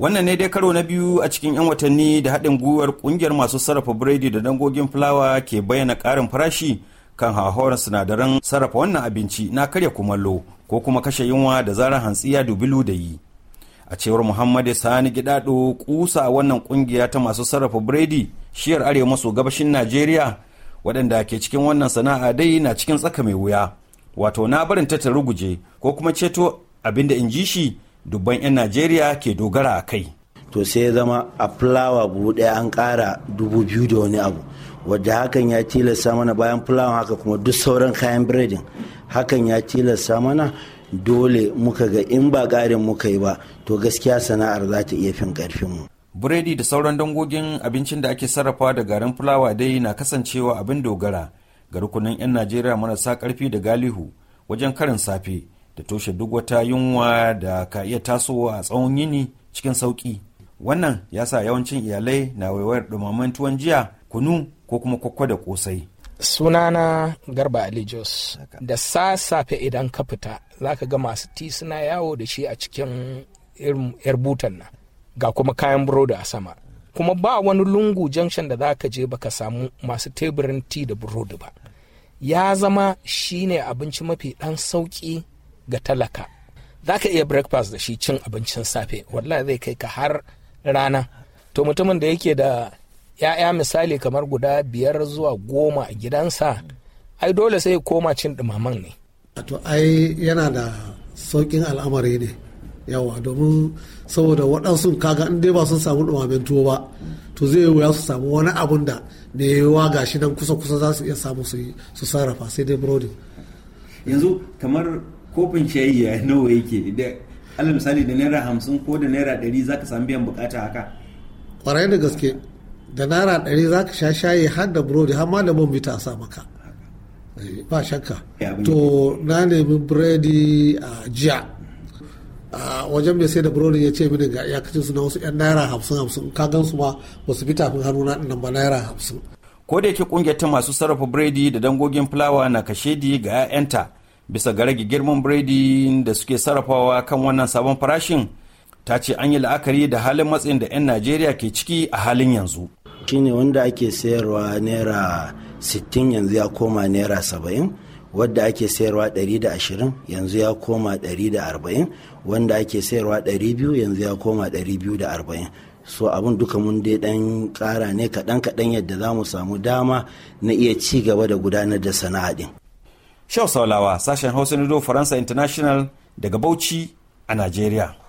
wannan ne dai karo na biyu a cikin 'yan watanni da haɗin gwiwar ƙungiyar masu sarrafa biredi da dangogin fulawa ke bayyana ƙarin farashi kan hauhawar sinadaran sarrafa wannan abinci na karya kumallo ko kuma kashe yunwa da zarar hantsiya ya da yi a cewar muhammad sani gidado kusa a wannan kungiya ta masu sarrafa biredi shiyar arewa maso gabashin najeriya waɗanda ke cikin wannan sana'a dai na cikin tsaka mai wuya wato na barin ta ruguje ko kuma ceto abinda in ji shi dubban 'yan najeriya ke dogara a kai to sai ya zama a fulawa buhu ɗaya an ƙara dubu biyu da wani abu wadda hakan ya tilasta mana bayan fulawa haka kuma duk sauran kayan biredin hakan ya tilasta mana dole muka ga in ba ƙarin muka yi ba to gaskiya sana'ar za ta iya fin ƙarfinmu biredi da sauran dangogin abincin da ake sarrafa da garin fulawa dai na kasancewa abin dogara ga rukunin 'yan najeriya marasa ƙarfi da galihu wajen karin safe da toshe duk wata yunwa da ka iya tasowa a tsawon yini cikin sauƙi wannan ya sa yawancin iyalai na waiwayar ɗumamen tuwon jiya kunu ko kuma kwakwa da kosai sunana garba ali jos da sassafe idan ka fita za ka ga masu ti suna yawo da shi a cikin yar butan nan ga kuma kayan burodi a sama kuma ba wani lungu junction da za ka je baka samu masu teburin ti da burodi ba ya zama shine abinci mafi ɗan sauƙi ga talaka za ka iya breakfast da shi cin abincin safe wallahi zai kai ka har rana to mutumin da yake da ya'ya misali kamar guda biyar zuwa goma a gidansa ai dole sai koma cin ɗumaman ne to ai yana da sauƙin al'amari ne yawa domin saboda waɗansu kaga in dai ba sun samu ɗumamen tuwo ba to zai wuya su samu wani abun da da yawa gashi nan kusa kusa za su iya samu su sarrafa sai dai burodin yanzu kamar kofin shayi ya nawa yake da alal misali da naira hamsin ko da naira ɗari za ka samu biyan bukata haka kwarai da gaske da naira ɗari za ka sha shayi har da burodi har ma da man bita a sa maka eh, ba shakka to na nemi buredi a jiya a wajen mai sai da burodi ya ce mini ga iyakacin su na wasu yan naira hamsin hamsin ka gan su ma wasu bitafin hannu na ɗin ba naira hamsin ko da yake kungiyar ta masu sarrafa biredi da dangogin fulawa na kashedi ga 'ya'yanta bisa ga rage girman biredi da suke sarrafawa kan wannan sabon farashin ta ce an yi la'akari da halin matsayin da 'yan najeriya ke ciki a halin yanzu shine wanda ake sayarwa naira 60 yanzu ya koma naira 70 wadda ake sayarwa 120 yanzu ya koma 140 wanda ake sayarwa 200 yanzu ya koma 240 so abin duka mun dai dan kara ne kaɗan kaɗan yadda za mu samu dama na iya ci gaba da gudanar da sana'a din Shau Saulawa, sashen Hausa Nido Faransa International daga Bauchi a Najeriya.